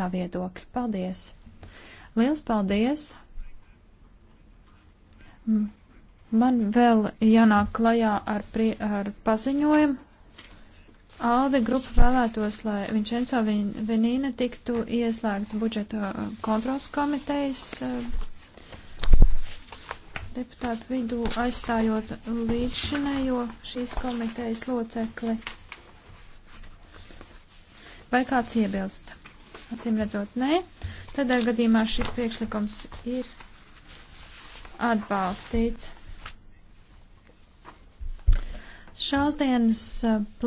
politiskā viedokļa. Paldies! Liels paldies! Man vēl jānāk klajā ar, pri, ar paziņojumu. Alde grupa vēlētos, lai Vincenzo Venīna tiktu ieslēgts budžeta uh, kontrols komitejas uh, deputātu vidū, aizstājot līdzšinējo šīs komitejas locekli. Vai kāds iebilst? Acīm redzot, nē. Tādā gadījumā šis priekšlikums ir atbalstīts. Šās dienas uh,